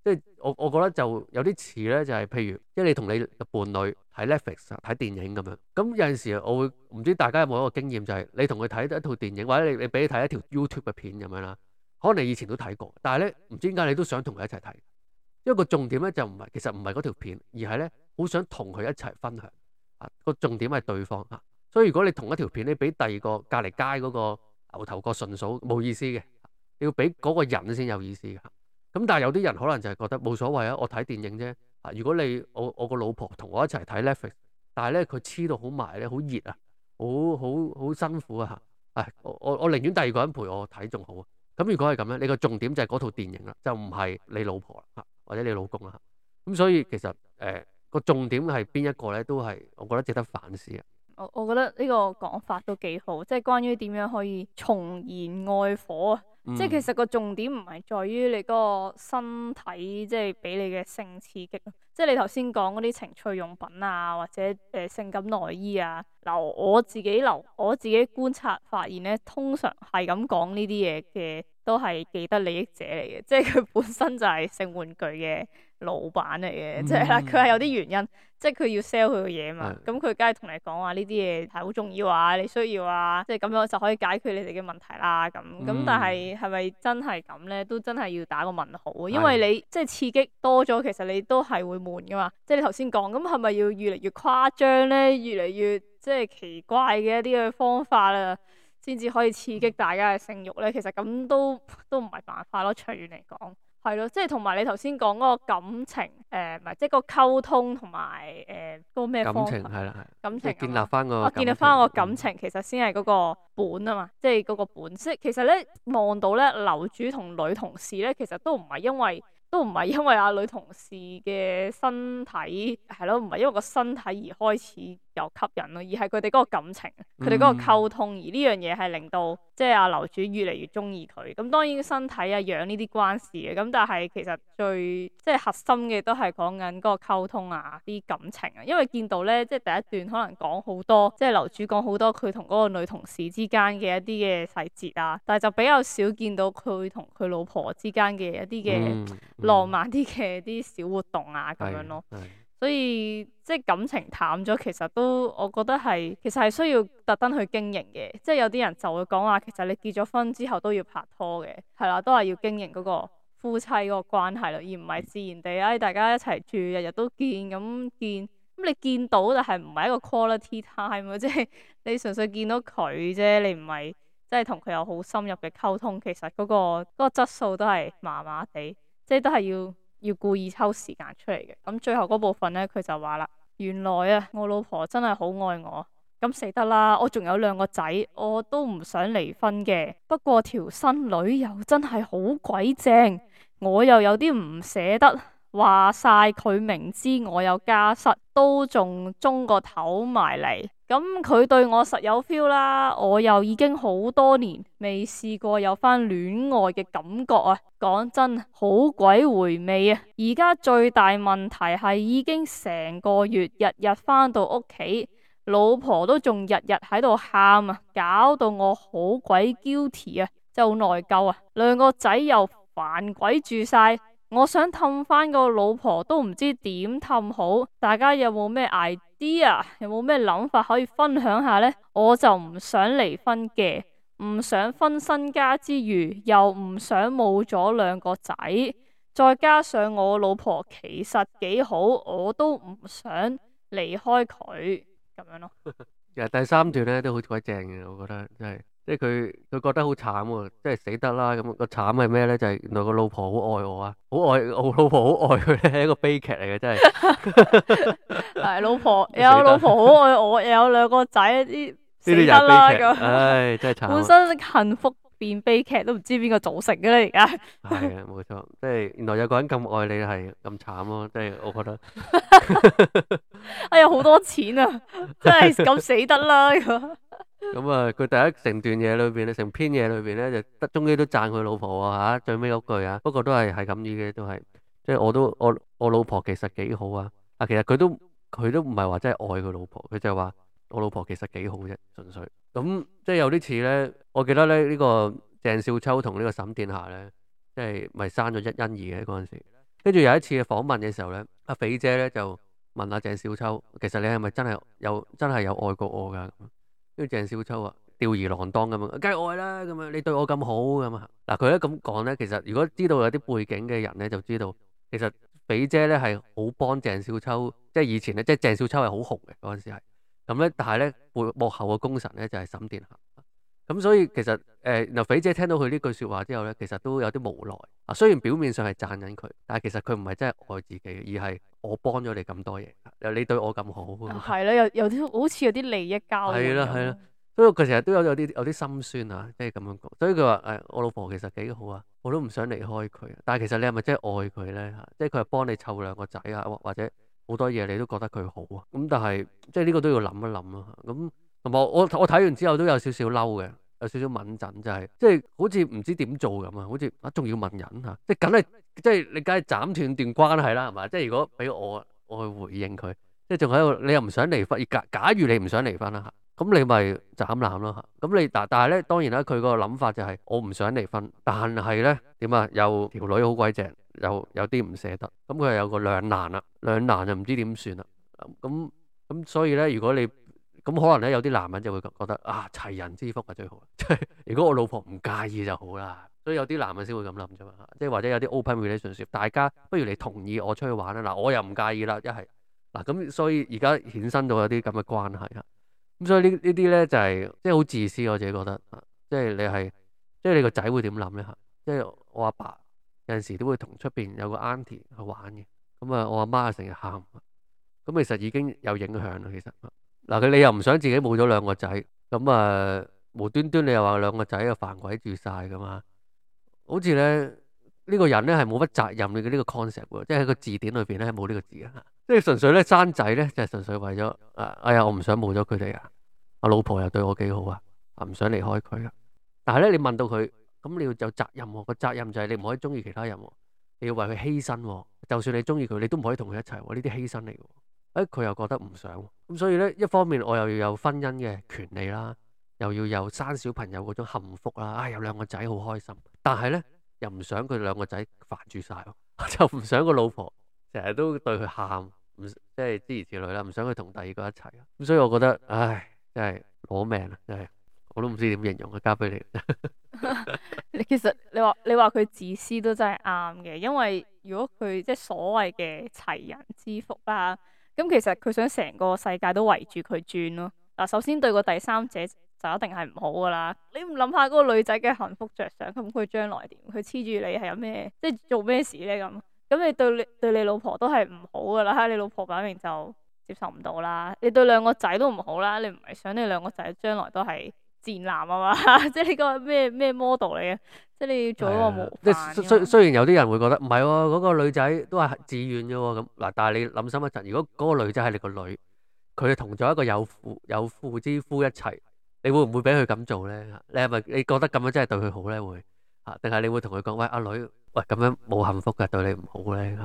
即、嗯、係我我覺得就有啲似咧，就係、是、譬如，即係你同你伴侶睇 Netflix 睇電影咁樣。咁有陣時我會唔知大家有冇一個經驗，就係、是、你同佢睇一套電影，或者你你俾佢睇一條 YouTube 嘅片咁樣啦。可能你以前都睇過，但係咧唔知點解你都想同佢一齊睇。因為個重點咧就唔係，其實唔係嗰條片，而係咧好想同佢一齊分享啊，個重點係對方啊，所以如果你同一條片，你俾第二個隔籬街嗰個牛頭角順嫂冇意思嘅，你要俾嗰個人先有意思嘅。咁但係有啲人可能就係覺得冇所謂啊，我睇電影啫啊。如果你我我個老婆同我一齊睇 Netflix，但係咧佢黐到好埋咧，好熱啊，好好好辛苦啊，啊我我我寧願第二個人陪我睇仲好啊。咁如果係咁樣，你個重點就係嗰套電影啦，就唔係你老婆啦。或者你老公啊，咁所以其實誒個、呃、重點係邊一個咧？都係我覺得值得反思啊。我我覺得呢個講法都幾好，即係關於點樣可以重燃愛火啊！嗯、即係其實個重點唔係在於你嗰個身體，即係俾你嘅性刺激，即係你頭先講嗰啲情趣用品啊，或者誒、呃、性感內衣啊。嗱，我自己留我自己觀察發現咧，通常係咁講呢啲嘢嘅。都係既得利益者嚟嘅，即係佢本身就係性玩具嘅老闆嚟嘅，即係啦，佢係有啲原因，即係佢要 sell 佢嘅嘢嘛，咁佢梗係同你講話呢啲嘢係好重要啊，你需要啊，即係咁樣就可以解決你哋嘅問題啦，咁咁、嗯、但係係咪真係咁咧？都真係要打個問號，因為你的即係刺激多咗，其實你都係會悶噶嘛，即係你頭先講，咁係咪要越嚟越誇張咧，越嚟越即係奇怪嘅一啲嘅方法啊？先至可以刺激大家嘅性慾咧，其實咁都都唔係辦法咯。長遠嚟講，係咯，即係同埋你頭先講嗰個感情，誒、呃，唔係即係個溝通同埋誒嗰個咩？呃、方法，感情。建立翻個感情。建立翻個感情，其實先係嗰個本啊嘛，即係嗰個本。即，本即其實咧，望到咧，樓主同女同事咧，其實都唔係因為都唔係因為阿女同事嘅身體係咯，唔係因為個身體而開始。又吸引咯，而係佢哋嗰個感情，佢哋嗰個溝通，而呢樣嘢係令到即係阿樓主越嚟越中意佢。咁當然身體啊、樣呢啲關事嘅，咁但係其實最即係核心嘅都係講緊嗰個溝通啊、啲感情啊。因為見到咧，即係第一段可能講好多，即係樓主講好多佢同嗰個女同事之間嘅一啲嘅細節啊，但係就比較少見到佢同佢老婆之間嘅一啲嘅浪漫啲嘅啲小活動啊咁、嗯嗯、樣咯。所以即係感情淡咗，其實都我覺得係，其實係需要特登去經營嘅。即係有啲人就會講話，其實你結咗婚之後都要拍拖嘅，係啦，都係要經營嗰個夫妻嗰個關係啦，而唔係自然地唉、哎、大家一齊住，日日都見咁見，咁你見到就係唔係一個 quality time 囉，即係你純粹見到佢啫，你唔係即係同佢有好深入嘅溝通，其實嗰個嗰個質素都係麻麻地，即係都係要。要故意抽時間出嚟嘅，咁最後嗰部分咧，佢就話啦：原來啊，我老婆真係好愛我，咁死得啦！我仲有兩個仔，我都唔想離婚嘅。不過條新女又真係好鬼正，我又有啲唔捨得。話晒佢明知我有家室，都仲中個頭埋嚟。咁佢對我實有 feel 啦，我又已經好多年未試過有翻戀愛嘅感覺啊！講真，好鬼回味啊！而家最大問題係已經成個月日日翻到屋企，老婆都仲日日喺度喊啊，搞到我好鬼 guilty 啊，真係好內疚啊！兩個仔又煩鬼住晒。我想氹翻個老婆都唔知點氹好，大家有冇咩 idea？有冇咩諗法可以分享下呢？我就唔想離婚嘅，唔想分身家之餘，又唔想冇咗兩個仔，再加上我老婆其實幾好，我都唔想離開佢咁樣咯。其實 <laughs> 第三段呢都好鬼正嘅，我覺得真係。即係佢，佢覺得好慘喎，即係死得啦。咁、個慘係咩咧？就係、是、原來個老婆好愛我啊，好愛我老婆好愛佢咧，一個悲劇嚟嘅，真係。係、 <laughs> <laughs> 哎、老婆，有老婆好愛我，又有兩個仔，啲死得啦咁。唉、 <laughs> 哎，真係慘、啊。本身幸福變悲劇都唔知邊個造成嘅咧，而家。係啊，冇錯， <laughs> 即係原來有個人咁愛你係咁慘咯，即係、啊、我覺得。 <laughs> <laughs> 哎呀，好多錢啊，真係咁死得啦 <laughs> 咁啊，佢、嗯、第一成段嘢裏邊，咧成篇嘢裏邊咧，就得終於都讚佢老婆啊。吓、啊、最尾嗰句啊。不過都係係咁意嘅，都係即係我都我我老婆其實幾好啊。啊，其實佢都佢都唔係話真係愛佢老婆，佢就係話我老婆其實幾好啫、啊，純粹。咁即係有啲似咧，我記得咧呢、這個鄭少秋同呢個沈殿霞咧，即係咪生咗一欣宜嘅嗰陣時。跟住有一次嘅訪問嘅時候咧，阿、啊、肥姐咧就問阿鄭少秋，其實你係咪真係有真係有愛過我噶？因為鄭少秋啊，吊兒郎當咁樣，梗係愛啦咁樣，你對我咁好咁啊，嗱佢一咁講咧，其實如果知道有啲背景嘅人咧，就知道其實肥姐咧係好幫鄭少秋，即係以前咧，即係鄭少秋係好紅嘅嗰陣時係，咁咧但係咧背幕後嘅功臣咧就係、是、沈殿霞，咁、啊、所以其實誒，嗱、呃、肥姐聽到佢呢句說話之後咧，其實都有啲無奈啊，雖然表面上係讚緊佢，但係其實佢唔係真係愛自己，而係。我幫咗你咁多嘢，你對我咁好，係咯、嗯，有有啲好似有啲利益交，係啦係啦，所以佢成日都有有啲有啲心酸啊，即係咁樣講，所以佢話誒，我老婆其實幾好啊，我都唔想離開佢，但係其實你係咪真係愛佢咧嚇？即係佢係幫你湊兩個仔啊，或者好多嘢你都覺得佢好啊，咁但係即係呢個都要諗一諗咯、啊，咁同埋我我我睇完之後都有少少嬲嘅。有少少敏震，就係、是、即係好似唔知點做咁啊！好似啊，仲要問人嚇、啊，即係梗係即係你梗係斬斷段關係啦，係嘛？即係如果俾我我去回應佢，即係仲喺度，你又唔想離婚。假假如你唔想離婚啦嚇，咁、啊、你咪斬纜咯嚇。咁、啊、你但但係咧，當然啦，佢個諗法就係、是、我唔想離婚，但係咧點啊？有條女好鬼正，又有啲唔捨得，咁佢有個兩難啦，兩難就唔知點算啦。咁咁咁，所以咧，如果你咁可能咧，有啲男人就會覺得啊，齊人之福啊最好即係 <laughs> 如果我老婆唔介意就好啦。所以有啲男人先會咁諗啫嘛。即係或者有啲 open relationship，大家不如你同意我出去玩啦。嗱、啊，我又唔介意啦，一係嗱咁，啊、所以而家衍生到有啲咁嘅關係啊。咁所以呢呢啲咧就係、是、即係好自私，我自己覺得、啊、即係你係即係你個仔會點諗咧嚇？即係我阿爸，爸有陣時都會同出邊有個 aunty 去玩嘅，咁啊我阿媽啊成日喊，咁其實已經有影響啦，其實。嗱，佢你又唔想自己冇咗兩個仔，咁啊無端端你又話兩個仔又犯鬼住晒噶嘛？好似咧呢個人咧係冇乜責任嘅呢個 concept 喎，即係喺個字典裏邊咧冇呢個字嘅，即係純粹咧生仔咧就係純粹為咗啊，哎呀我唔想冇咗佢哋啊，阿老婆又對我幾好啊，啊唔想離開佢啊，但係咧你問到佢，咁你要有責任喎，個責任就係你唔可以中意其他人喎，你要為佢犧牲喎，就算你中意佢，你都唔可以同佢一齊喎，呢啲犧牲嚟嘅。哎，佢又覺得唔想咁，所以咧一方面我又要有婚姻嘅權利啦，又要有生小朋友嗰種幸福啦。啊、哎，有兩個仔好開心，但係咧又唔想佢兩個仔煩住晒，就 <laughs> 唔想個老婆成日都對佢喊，唔即係諸如此類啦，唔想佢同第二個一齊。咁所以我覺得，唉，真係攞命啊！真係我都唔知點形容佢交俾你， <laughs> <laughs> 其實你話你話佢自私都真係啱嘅，因為如果佢即係所謂嘅齊人之福啦、啊。咁其實佢想成個世界都圍住佢轉咯。嗱，首先對個第三者就一定係唔好㗎喇。你唔諗下嗰個女仔嘅幸福着想，咁佢將來點？佢黐住你係有咩？即係做咩事咧咁？咁你對你對你老婆都係唔好㗎喇。你老婆擺明就接受唔到啦。你對兩個仔都唔好啦。你唔係想你兩個仔將來都係？賤男啊嘛，即係呢個咩咩 model 嚟嘅，即係你要做一個模。即雖雖然有啲人會覺得唔係喎，嗰、那個女仔都係自願嘅喎。咁嗱，但係你諗深一陣，如果嗰個女仔係你個女，佢同咗一個有婦有婦之夫一齊，你會唔會俾佢咁做咧？你係咪你覺得咁樣真係對佢好咧？會吓，定係你會同佢講喂阿、啊、女，喂咁樣冇幸福嘅，對你唔好咧？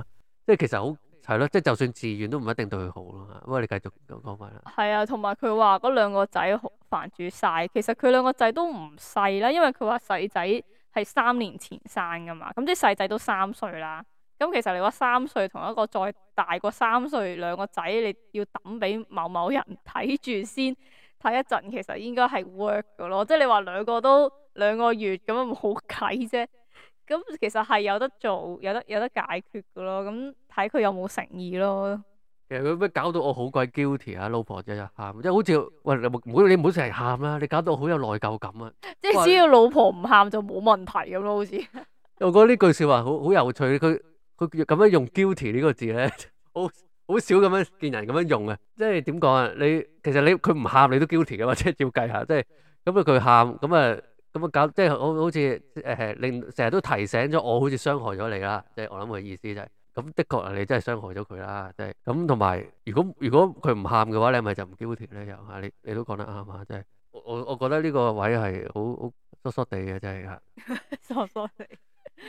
即係其實好。係咯，即係就算自願都唔一定對佢好咯。不過你繼續講翻啦。係啊，同埋佢話嗰兩個仔好煩住晒。其實佢兩個仔都唔細啦，因為佢話細仔係三年前生噶嘛。咁即係細仔都三歲啦。咁其實你話三歲同一個再大過三歲兩個仔，你要抌俾某某人睇住先睇一陣，其實應該係 work 嘅咯。即係你話兩個都兩個月咁，冇計啫。咁其實係有得做，有得有得解決㗎咯。咁睇佢有冇誠意咯。其實佢咩搞到我好鬼 guilty 啊，老婆日日喊，即係好似喂，唔好你唔好成日喊啦，你搞到我好有內疚感啊。即係只要老婆唔喊就冇問題咁咯，好似。我覺得呢句説話好好有趣，佢佢咁樣用 guilty 呢個字咧，好好少咁樣見人咁樣用啊。即係點講啊？你其實你佢唔喊你都 guilty 嘅嘛，即係要計下。即係咁啊，佢喊咁啊。咁啊，搞即係、就是、好好似誒令成日都提醒咗我好傷，好似傷害咗你啦。即係我諗佢意思就係、是，咁、就是、的確你真係傷害咗佢啦。即係咁，同埋如果如果佢唔喊嘅話，你咪就唔糾結咧，又、就、係、是、你你都講得啱啊。即、就、係、是、我我覺得呢個位係好好疏縮地嘅，真係啊，疏疏哋。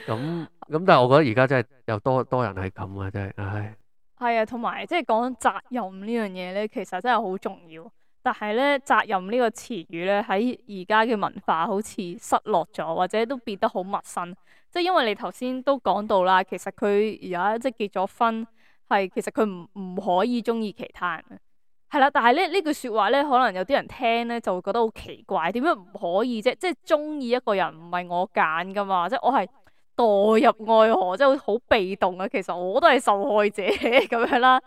咁咁 <laughs> 梗、嗯嗯，但係我覺得而家真係又多多人係咁啊，真、就、係、是。係啊，同埋即係講責任呢樣嘢咧，其實真係好重要。但係咧，責任呢個詞語咧，喺而家嘅文化好似失落咗，或者都變得好陌生。即係因為你頭先都講到啦，其實佢而家即係結咗婚，係其實佢唔唔可以中意其他人嘅，係啦。但係咧，呢句說話咧，可能有啲人聽咧就會覺得好奇怪，點解唔可以啫？即係中意一個人唔係我揀㗎嘛，即係我係。墮入愛河，即係好被動啊！其實我都係受害者咁樣啦，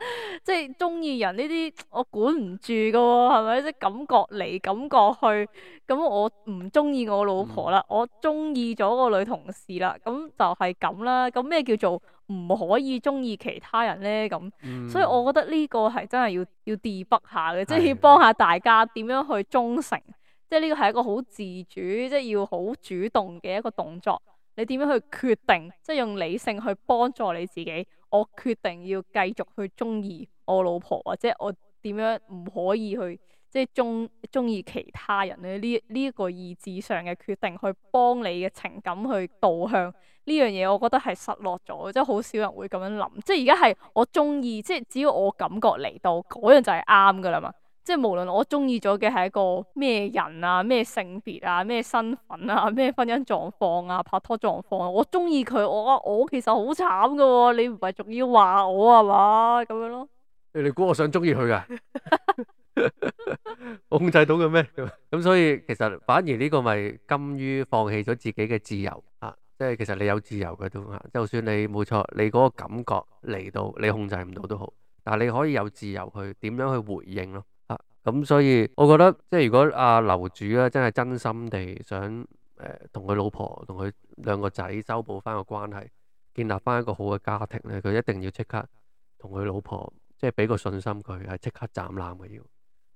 即係中意人呢啲我管唔住噶喎，係咪？即係感覺嚟感覺去，咁我唔中意我老婆啦，嗯、我中意咗個女同事啦，咁就係咁啦。咁咩叫做唔可以中意其他人咧？咁、嗯、所以我覺得呢個係真係要要 debug 下嘅，嗯、即係要幫下大家點樣去忠誠，的即係呢個係一個好自主，即係要好主動嘅一個動作。你點樣去決定，即係用理性去幫助你自己？我決定要繼續去中意我老婆，或者我點樣唔可以去即係中中意其他人咧？呢呢一個意志上嘅決定，去幫你嘅情感去導向呢樣嘢，我覺得係失落咗，即係好少人會咁樣諗。即係而家係我中意，即係只要我感覺嚟到嗰樣就係啱噶啦嘛。即係無論我中意咗嘅係一個咩人啊、咩性別啊、咩身份啊、咩婚姻狀況啊、拍拖狀況啊，我中意佢，我我其實好慘噶。你唔係仲要話我係嘛咁樣咯？你估我想中意佢噶？ <laughs> <laughs> 我控制到嘅咩咁？ <laughs> 所以其實反而呢個咪甘於放棄咗自己嘅自由啊。即係其實你有自由嘅都啊，就算你冇錯，你嗰個感覺嚟到你控制唔到都好，但係你可以有自由去點樣去回應咯。咁、嗯、所以，我覺得即係如果阿、啊、樓主咧、啊，真係真心地想誒同佢老婆、同佢兩個仔修補返個關係，建立返一個好嘅家庭咧，佢一定要即刻同佢老婆即係俾個信心佢，係即刻斬纜嘅要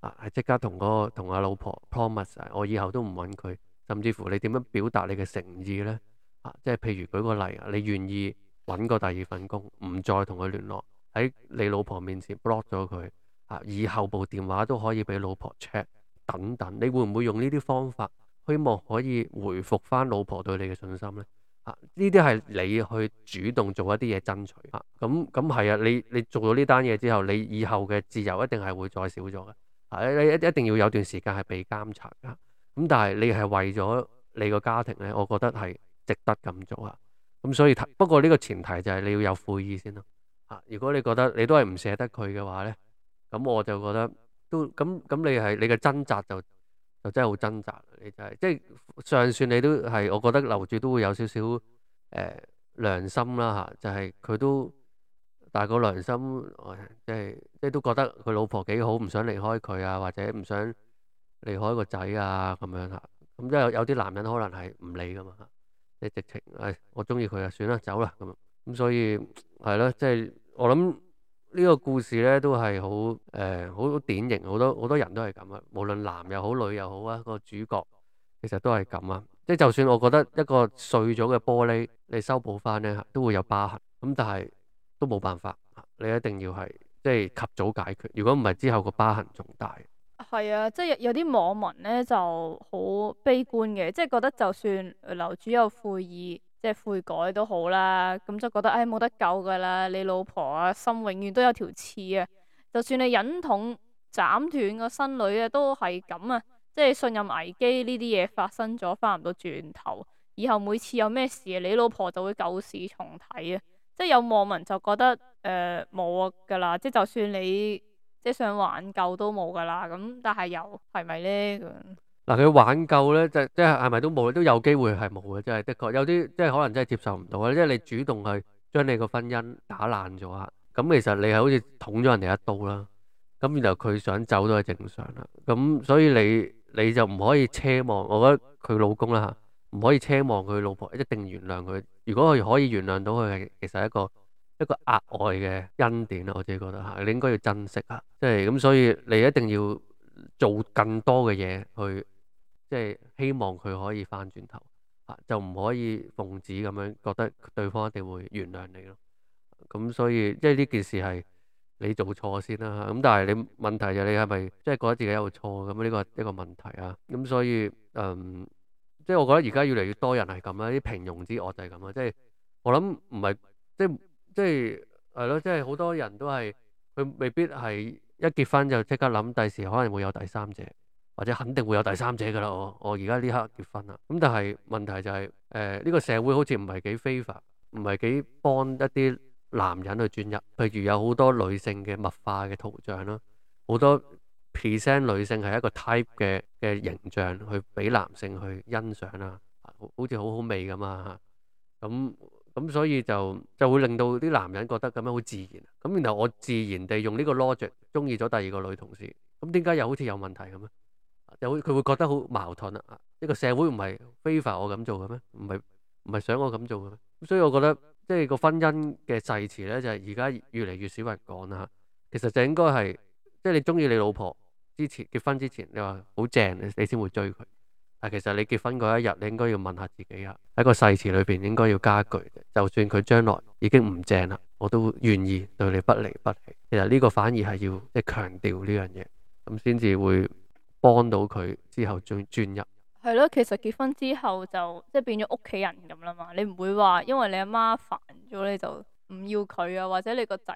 啊，係即刻同嗰、那個同阿老婆 promise，我以後都唔揾佢，甚至乎你點樣表達你嘅誠意呢？啊，即係譬如舉個例，你願意揾個第二份工，唔再同佢聯絡，喺你老婆面前 block 咗佢。啊！以後部電話都可以俾老婆 check 等等，你會唔會用呢啲方法，希望可以回覆翻老婆對你嘅信心呢？啊！呢啲係你去主動做一啲嘢爭取啊！咁咁係啊！你你做咗呢單嘢之後，你以後嘅自由一定係會再少咗嘅。啊！你一定要有段時間係被監察噶。咁、啊、但係你係為咗你個家庭呢，我覺得係值得咁做啊！咁所以不過呢個前提就係你要有悔意先啦、啊啊。如果你覺得你都係唔捨得佢嘅話呢。咁我就覺得都咁咁，你係你嘅掙扎就就真係好掙扎，你就係、是、即係尚算你都係，我覺得留住都會有少少誒良心啦吓、啊，就係、是、佢都但係個良心、啊就是、即係即係都覺得佢老婆幾好，唔想離開佢啊，或者唔想離開個仔啊咁樣吓，咁、嗯、即係有啲男人可能係唔理噶嘛、啊，即直情誒、哎、我中意佢啊，算啦走啦咁，咁、嗯、所以係咯，即係、就是、我諗。呢個故事咧都係好誒，好典型，好多好多人都係咁啊！無論男又好，女又好啊，個主角其實都係咁啊。即係就算我覺得一個碎咗嘅玻璃，你修補翻咧都會有疤痕，咁但係都冇辦法，你一定要係即係及早解決。如果唔係之後個疤痕仲大。係啊，即係有啲網民咧就好悲觀嘅，即係覺得就算樓主有悔意。即係悔改都好啦，咁就覺得，唉，冇得救噶啦！你老婆啊心永遠都有條刺啊，就算你忍痛斬斷個新女啊，都係咁啊！即係信任危機呢啲嘢發生咗，翻唔到轉頭，以後每次有咩事啊，你老婆就會舊事重提啊！即係有網民就覺得誒冇啊噶啦，即係就算你即係想挽救都冇噶啦，咁但係又，係咪咧？嗱，佢挽救咧，即即係咪都冇，都有機會係冇嘅，即係的確有啲即係可能真係接受唔到嘅。即係你主動去將你個婚姻打爛咗啊，咁其實你係好似捅咗人哋一刀啦。咁然後佢想走都係正常啦。咁所以你你就唔可以奢望，我覺得佢老公啦嚇，唔可以奢望佢老婆一定原諒佢。如果佢可以原諒到佢，其實係一個一個額外嘅恩典。我自己覺得嚇，你應該要珍惜啊。即係咁，所以你一定要做更多嘅嘢去。即係希望佢可以翻轉頭，就唔可以奉旨咁樣覺得對方一定會原諒你咯。咁所以即係呢件事係你做錯先啦。咁但係你問題就你係咪即係覺得自己有錯？咁呢個一個問題啊。咁所以誒，即係我覺得而家越嚟越多人係咁啊，啲平庸之惡就係咁啊。即係我諗唔係即係即係係咯，即係好多人都係佢未必係一結婚就即刻諗第時可能會有第三者，或者肯定會有第三者㗎啦！哦，我而家呢刻結婚啦，咁但係問題就係誒呢個社會好似唔係幾 favour，唔係幾幫一啲男人去轉入，譬如有好多女性嘅物化嘅圖像啦，好多 percent 女性係一個 type 嘅嘅形象去俾男性去欣賞啦，好似好好味咁嘛。咁咁所以就就會令到啲男人覺得咁樣好自然。咁然後我自然地用呢個 logic 鍾意咗第二個女同事，咁點解又好似有問題咁咧？就會，佢會覺得好矛盾啦。啊，呢個社會唔係非法我咁做嘅咩？唔係唔係想我咁做嘅咩？所以我覺得即係個婚姻嘅誓詞呢，就係而家越嚟越少人講啦。其實就應該係即係你中意你老婆之前結婚之前，你話好正，你先會追佢。但其實你結婚嗰一日，你應該要問下自己啊。喺個誓詞裏邊應該要加句，就算佢將來已經唔正啦，我都願意對你不離不棄。其實呢個反而係要即係強調呢樣嘢，咁先至會。幫到佢之後轉入，尊專一係咯。其實結婚之後就即係變咗屋企人咁啦嘛。你唔會話因為你阿媽煩咗你就唔要佢啊，或者你個仔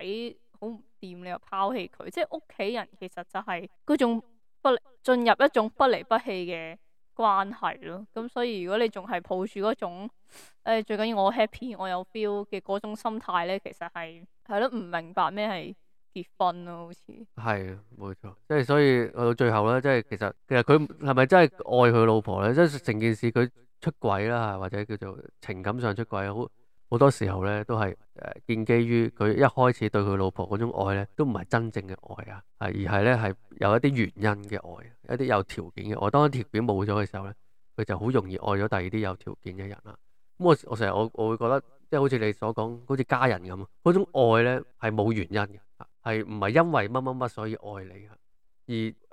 好唔掂你又拋棄佢。即係屋企人其實就係佢仲不進入一種不離不棄嘅關係咯。咁所以如果你仲係抱住嗰種誒、哎、最緊要我 happy 我有 feel 嘅嗰種心態咧，其實係。係咯，唔明白咩係。結婚咯，好似係，冇錯，即係所以去到最後咧，即係其實其實佢係咪真係愛佢老婆咧？即係成件事佢出軌啦，或者叫做情感上出軌，好好多時候咧，都係誒建基於佢一開始對佢老婆嗰種愛咧，都唔係真正嘅愛啊，而係咧，係有一啲原因嘅愛，一啲有條件嘅愛。當條件冇咗嘅時候咧，佢就好容易愛咗第二啲有條件嘅人啦。咁我我成日我我會覺得，即係好似你所講，好似家人咁啊，嗰種愛咧係冇原因嘅。係唔係因為乜乜乜所以愛你？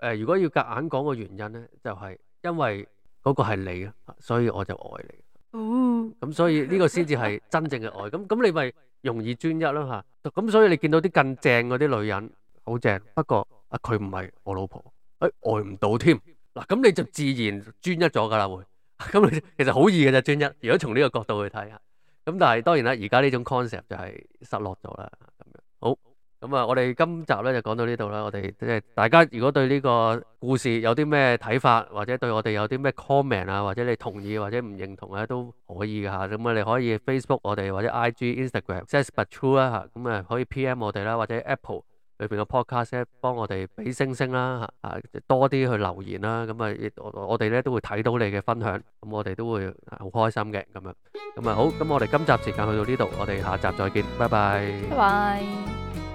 而誒，如果要夾硬講個原因咧，就係因為嗰個係你啊，所以我就愛你。咁所以呢個先至係真正嘅愛。咁咁你咪容易專一咯吓。咁所以你見到啲更正嗰啲女人好正，不過啊佢唔係我老婆，誒、哎、愛唔到添。嗱咁你就自然專一咗噶啦會。咁你其實好易嘅，就專一。如果從呢個角度去睇下，咁但係當然啦，而家呢種 concept 就係失落咗啦咁樣。好。咁啊！我哋今集咧就講到呢度啦。我哋即係大家，如果對呢個故事有啲咩睇法，或者對我哋有啲咩 comment 啊，或者你同意或者唔認同咧，都可以嘅吓。咁啊，你可以 Facebook 我哋或者 IG Instagram Says But True 啦吓。咁啊，可以 PM 我哋啦，或者 Apple 裏邊嘅 Podcast 幫我哋俾星星啦吓，多啲去留言啦。咁啊，我我哋咧都會睇到你嘅分享，咁我哋都會好開心嘅。咁樣，咁啊，好咁，我哋今集時間去到呢度，我哋下集再見，拜拜，拜拜。